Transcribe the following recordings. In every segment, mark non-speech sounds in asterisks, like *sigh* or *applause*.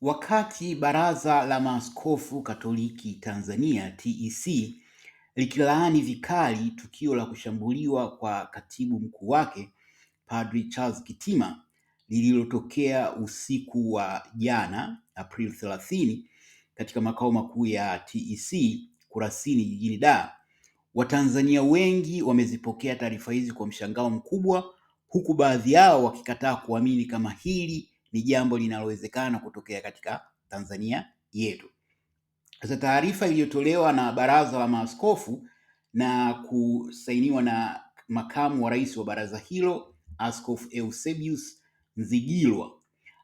Wakati Baraza la Maaskofu Katoliki Tanzania TEC likilaani vikali tukio la kushambuliwa kwa katibu mkuu wake Padri Charles Kitima lililotokea usiku wa jana Aprili 30 katika makao makuu ya TEC Kurasini jijini Dar, Watanzania wengi wamezipokea taarifa hizi kwa mshangao mkubwa, huku baadhi yao wakikataa kuamini kama hili ni jambo linalowezekana kutokea katika Tanzania yetu. Sasa taarifa iliyotolewa na Baraza la Maaskofu na kusainiwa na makamu wa rais wa baraza hilo Askofu Eusebius Nzigilwa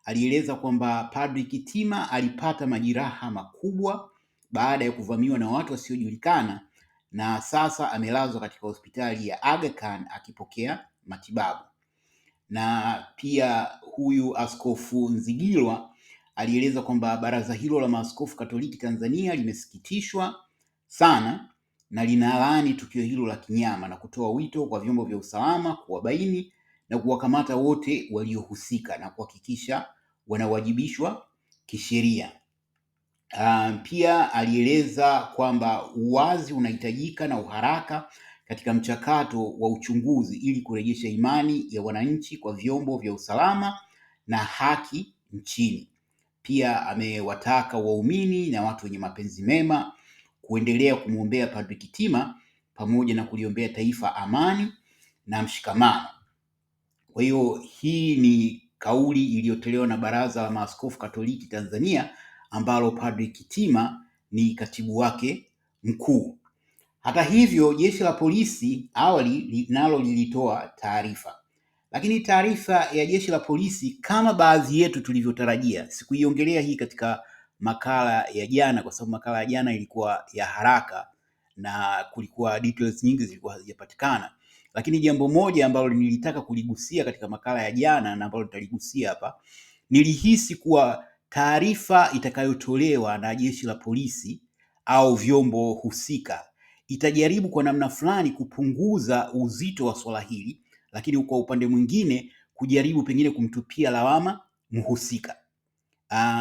alieleza kwamba Padri Kitima alipata majeraha makubwa baada ya kuvamiwa na watu wasiojulikana na sasa amelazwa katika hospitali ya Aga Khan akipokea matibabu na pia huyu Askofu Nzigilwa alieleza kwamba baraza hilo la maaskofu Katoliki Tanzania limesikitishwa sana na linalaani tukio hilo la kinyama na kutoa wito kwa vyombo vya usalama kuwabaini na kuwakamata wote waliohusika na kuhakikisha wanawajibishwa kisheria. Um, pia alieleza kwamba uwazi unahitajika na uharaka katika mchakato wa uchunguzi ili kurejesha imani ya wananchi kwa vyombo vya usalama na haki nchini. Pia amewataka waumini na watu wenye mapenzi mema kuendelea kumwombea Padre Kitima pamoja na kuliombea taifa amani na mshikamano. Kwa hiyo hii ni kauli iliyotolewa na Baraza la Maaskofu Katoliki Tanzania ambalo Padri Kitima ni katibu wake mkuu. Hata hivyo, jeshi la polisi awali nalo lilitoa taarifa, lakini taarifa ya jeshi la polisi kama baadhi yetu tulivyotarajia, sikuiongelea hii katika makala ya jana, kwa sababu makala ya jana ilikuwa ya haraka na kulikuwa details nyingi zilikuwa hazijapatikana, lakini jambo moja ambalo nilitaka kuligusia katika makala ya jana na ambalo nitaligusia hapa, nilihisi kuwa taarifa itakayotolewa na jeshi la polisi au vyombo husika itajaribu kwa namna fulani kupunguza uzito wa swala hili, lakini kwa upande mwingine kujaribu pengine kumtupia lawama mhusika.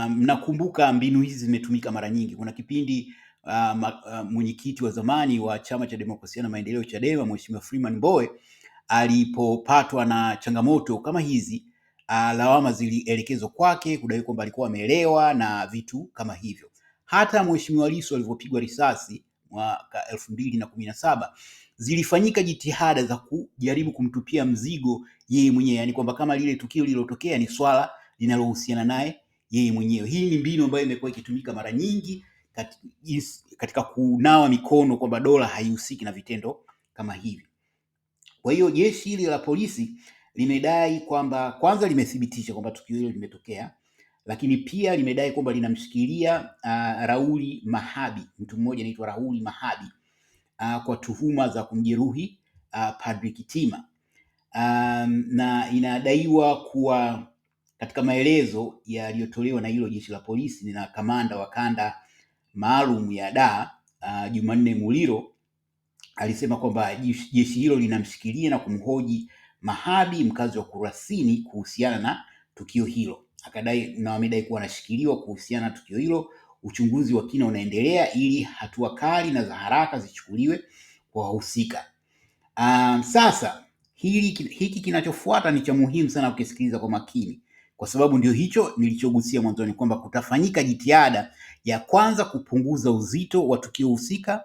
Mnakumbuka um, mbinu hizi zimetumika mara nyingi. Kuna kipindi uh, uh, mwenyekiti wa zamani wa Chama cha Demokrasia na Maendeleo Chadema, Mheshimiwa Freeman Mbowe alipopatwa na changamoto kama hizi uh, lawama zilielekezwa kwake, kudai kwamba alikuwa ameelewa na vitu kama hivyo. Hata Mheshimiwa Lissu alivyopigwa risasi mwaka elfu mbili na kumi na saba zilifanyika jitihada za kujaribu kumtupia mzigo yeye mwenyewe, yani kwamba kama lile tukio lililotokea ni swala linalohusiana naye yeye mwenyewe. Hii ni mbinu ambayo imekuwa ikitumika mara nyingi katika kunawa mikono kwamba dola haihusiki na vitendo kama hivi. Kwa hiyo jeshi hili la polisi limedai kwamba kwanza limethibitisha kwamba tukio hilo limetokea lakini pia limedai kwamba linamshikilia uh, Rauli Mahabi, mtu mmoja anaitwa Rauli Mahabi uh, kwa tuhuma za kumjeruhi uh, Padri Kitima um, na inadaiwa kuwa katika maelezo yaliyotolewa na hilo jeshi la polisi na kamanda wa kanda maalum ya Dar uh, Jumanne Muliro alisema kwamba jeshi hilo linamshikilia na kumhoji Mahabi, mkazi wa Kurasini, kuhusiana na tukio hilo akadai na wamedai kuwa anashikiliwa kuhusiana na tukio hilo. Uchunguzi wa kina unaendelea ili hatua kali na za haraka zichukuliwe kwa wahusika. Um, sasa hili, hiki kinachofuata ni cha muhimu sana kukisikiliza kwa makini, kwa sababu ndio hicho nilichogusia mwanzoni kwamba kutafanyika jitihada ya kwanza kupunguza uzito wa tukio husika,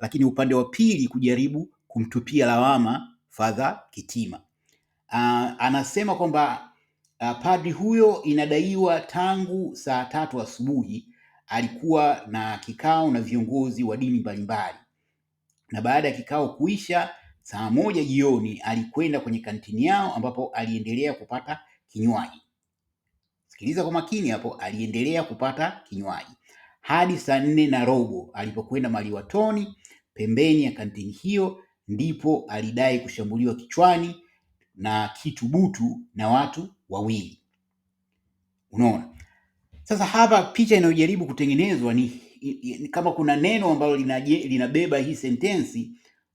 lakini upande wa pili kujaribu kumtupia lawama Fadha Kitima. Uh, anasema kwamba Ah, padri huyo inadaiwa tangu saa tatu asubuhi alikuwa na kikao na viongozi wa dini mbalimbali, na baada ya kikao kuisha saa moja jioni alikwenda kwenye kantini yao ambapo aliendelea kupata kinywaji. Sikiliza kwa makini hapo, aliendelea kupata kinywaji hadi saa nne na robo alipokwenda maliwatoni pembeni ya kantini hiyo, ndipo alidai kushambuliwa kichwani na kitu butu na watu wawili. Unaona, sasa hapa picha inayojaribu kutengenezwa ni, ni kama kuna neno ambalo linabeba hii sentensi.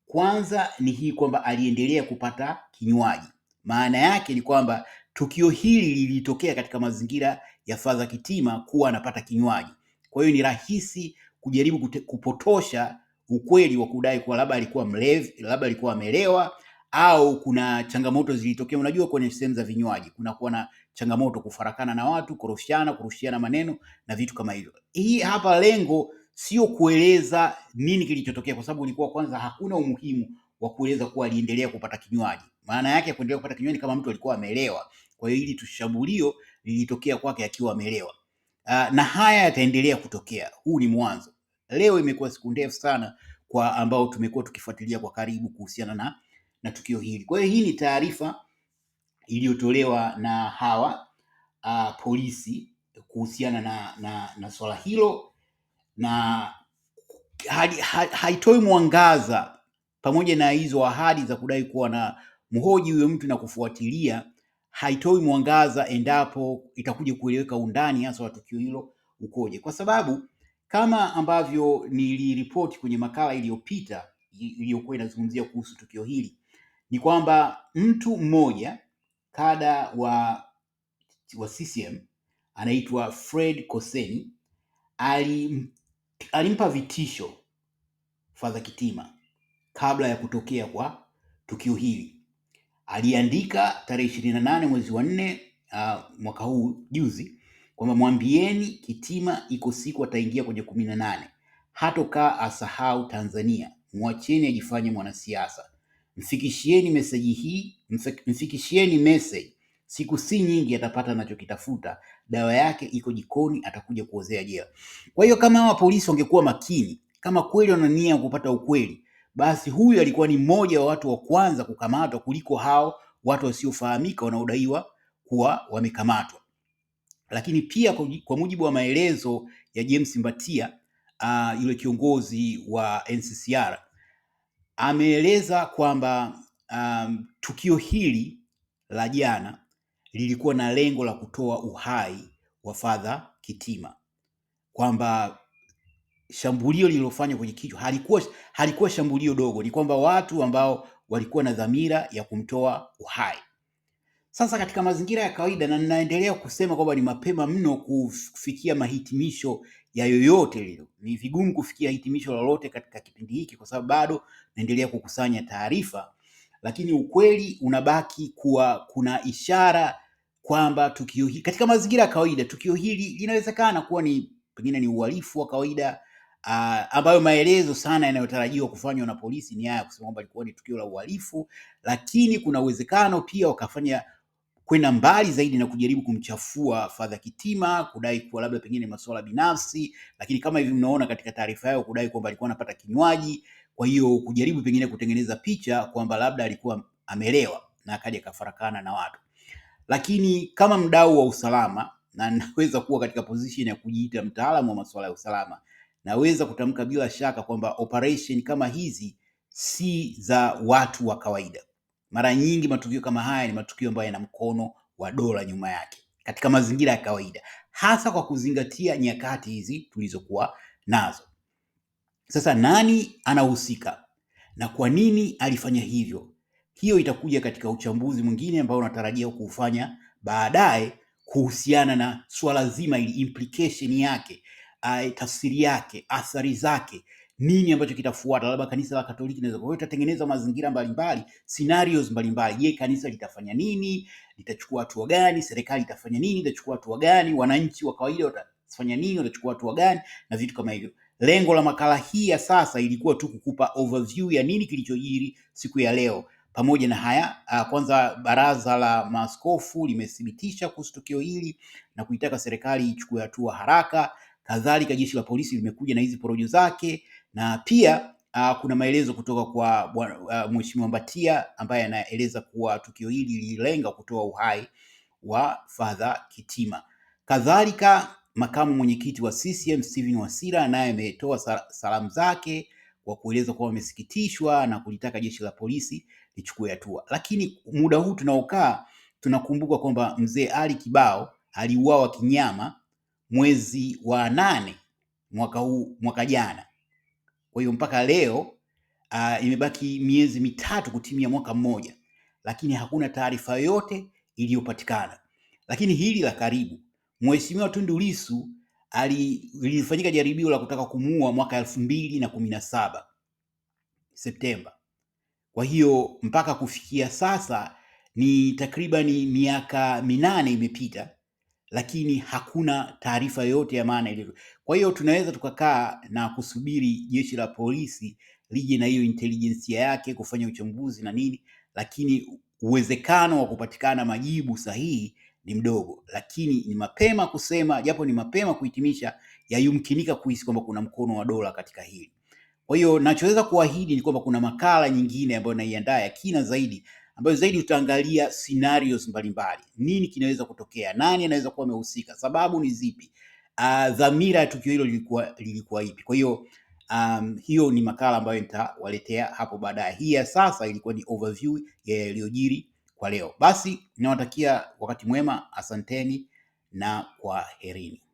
Kwanza ni hii kwamba aliendelea kupata kinywaji. Maana yake ni kwamba tukio hili lilitokea katika mazingira ya Father Kitima kuwa anapata kinywaji. Kwa hiyo ni rahisi kujaribu kute, kupotosha ukweli wa kudai kuwa labda alikuwa mlevi, labda alikuwa amelewa au kuna changamoto zilitokea. Unajua, kwenye sehemu za vinywaji kunakuwa na changamoto, kufarakana na watu, kurushiana, kurushiana maneno na vitu kama hivyo. Hii hapa lengo sio kueleza nini kilichotokea, kwa sababu ulikuwa kwanza, hakuna umuhimu wa kueleza kuwa aliendelea kupata kinywaji. Maana yake ya kuendelea kupata kinywaji kama mtu alikuwa amelewa. Kwa hiyo hili tushambulio lilitokea kwake akiwa amelewa. Uh, na haya yataendelea kutokea. Huu ni mwanzo. Leo imekuwa siku ndefu sana kwa ambao tumekuwa tukifuatilia kwa karibu kuhusiana na na tukio hili. Kwa hiyo hii ni taarifa iliyotolewa na hawa uh, polisi kuhusiana na, na, na swala hilo na haitoi mwangaza pamoja na hizo ahadi za kudai kuwa na mhoji huyo mtu na kufuatilia, haitoi mwangaza endapo itakuja kueleweka undani hasa wa tukio hilo ukoje, kwa sababu kama ambavyo niliripoti kwenye makala iliyopita iliyokuwa inazungumzia kuhusu tukio hili, ni kwamba mtu mmoja kada wa, wa CCM anaitwa Fred Koseni alim, alimpa vitisho Fadha Kitima kabla ya kutokea kwa tukio hili. Aliandika tarehe ishirini na nane mwezi wa nne uh, mwaka huu juzi kwamba mwambieni Kitima iko siku ataingia kwenye kumi na nane hatokaa asahau Tanzania, mwacheni ajifanye mwanasiasa. Mfikishieni meseji hii, mfikishieni meseji. Siku si nyingi atapata anachokitafuta, dawa yake iko jikoni, atakuja kuozea jela. Kwa hiyo kama hawa polisi wangekuwa makini, kama kweli wana nia ya kupata ukweli, basi huyu alikuwa ni mmoja wa watu wa kwanza kukamatwa kuliko hao watu wasiofahamika wanaodaiwa kuwa wamekamatwa. Lakini pia kwa mujibu wa maelezo ya James Mbatia, uh, yule kiongozi wa NCCR ameeleza kwamba um, tukio hili la jana lilikuwa na lengo la kutoa uhai wa Fadha Kitima, kwamba shambulio lililofanywa kwenye kichwa halikuwa, halikuwa shambulio dogo, ni kwamba watu ambao walikuwa na dhamira ya kumtoa uhai. Sasa katika mazingira ya kawaida, na ninaendelea kusema kwamba ni mapema mno kufikia mahitimisho ya yoyote leo. Ni vigumu kufikia hitimisho lolote katika kipindi hiki kwa sababu bado naendelea kukusanya taarifa, lakini ukweli unabaki kuwa kuna ishara kwamba tukio hili katika mazingira ya kawaida, tukio hili linawezekana kuwa ni pengine ni uhalifu wa kawaida uh, ambayo maelezo sana yanayotarajiwa kufanywa na polisi ni haya kusema kwamba ilikuwa ni tukio la uhalifu, lakini kuna uwezekano pia wakafanya kwenda mbali zaidi na kujaribu kumchafua Fadha Kitima, kudai kuwa labda pengine masuala binafsi, lakini kama hivi mnaona katika taarifa yao kudai kwamba alikuwa anapata kinywaji, kwa hiyo kujaribu pengine kutengeneza picha kwamba labda alikuwa amelewa na akaja kafarakana na watu. Lakini kama mdau wa usalama, na *laughs* naweza kuwa katika position ya kujiita mtaalamu wa masuala ya usalama, naweza kutamka bila shaka kwamba operation kama hizi si za watu wa kawaida. Mara nyingi matukio kama haya ni matukio ambayo yana mkono wa dola nyuma yake katika mazingira ya kawaida, hasa kwa kuzingatia nyakati hizi tulizokuwa nazo. Sasa nani anahusika na kwa nini alifanya hivyo? Hiyo itakuja katika uchambuzi mwingine ambao unatarajia kuufanya baadaye kuhusiana na swala zima ili implication yake, tafsiri yake, athari zake nini ambacho kitafuata, labda kanisa la Katoliki naweza. Kwa hiyo tutatengeneza mazingira mbalimbali, scenarios mbalimbali. Je, kanisa litafanya nini? Litachukua hatua gani? Serikali itafanya nini? Itachukua hatua gani? Wananchi wa kawaida watafanya nini? Watachukua hatua gani? Na vitu kama hivyo. Lengo la makala hii ya sasa ilikuwa tu kukupa overview ya nini kilichojiri siku ya leo. Pamoja na haya, ah, kwanza, baraza la maaskofu limethibitisha kuhusu tukio hili na kuitaka serikali ichukue hatua haraka. Kadhalika jeshi la polisi limekuja na hizi porojo zake, na pia uh, kuna maelezo kutoka kwa uh, Mheshimiwa Mbatia ambaye anaeleza kuwa tukio hili lililenga kutoa uhai wa Father Kitima. Kadhalika makamu mwenyekiti wa CCM Steven Wasira naye ametoa salamu zake kwa kueleza kuwa wamesikitishwa na kulitaka jeshi la polisi lichukue hatua. Lakini muda huu tunaokaa tunakumbuka kwamba mzee Ali Kibao aliuawa kinyama mwezi wa nane mwaka huu mwaka jana. Kwa hiyo mpaka leo uh, imebaki miezi mitatu kutimia mwaka mmoja, lakini hakuna taarifa yote iliyopatikana. Lakini hili la karibu, Mheshimiwa Tundu Lissu lilifanyika jaribio la kutaka kumuua mwaka elfu mbili na kumi na saba Septemba. Kwa hiyo mpaka kufikia sasa ni takribani miaka minane imepita lakini hakuna taarifa yoyote ya maana ile. Kwa hiyo tunaweza tukakaa na kusubiri jeshi la polisi lije na hiyo intelijensia yake kufanya uchambuzi na nini, lakini uwezekano wa kupatikana majibu sahihi ni mdogo. Lakini ni mapema kusema, japo ni mapema kuhitimisha, yayumkinika kuhisi kwamba kuna mkono wa dola katika hili. Kwa hiyo nachoweza kuahidi ni kwamba kuna makala nyingine ambayo naiandaa ya kina zaidi ambayo zaidi utaangalia scenarios mbalimbali, nini kinaweza kutokea, nani anaweza kuwa amehusika, sababu ni zipi, uh, dhamira ya tukio hilo lilikuwa lilikuwa ipi? Kwa hiyo um, hiyo ni makala ambayo nitawaletea hapo baadaye. Hii ya sasa ilikuwa ni overview ya yaliyojiri kwa leo. Basi ninawatakia wakati mwema, asanteni na kwaherini.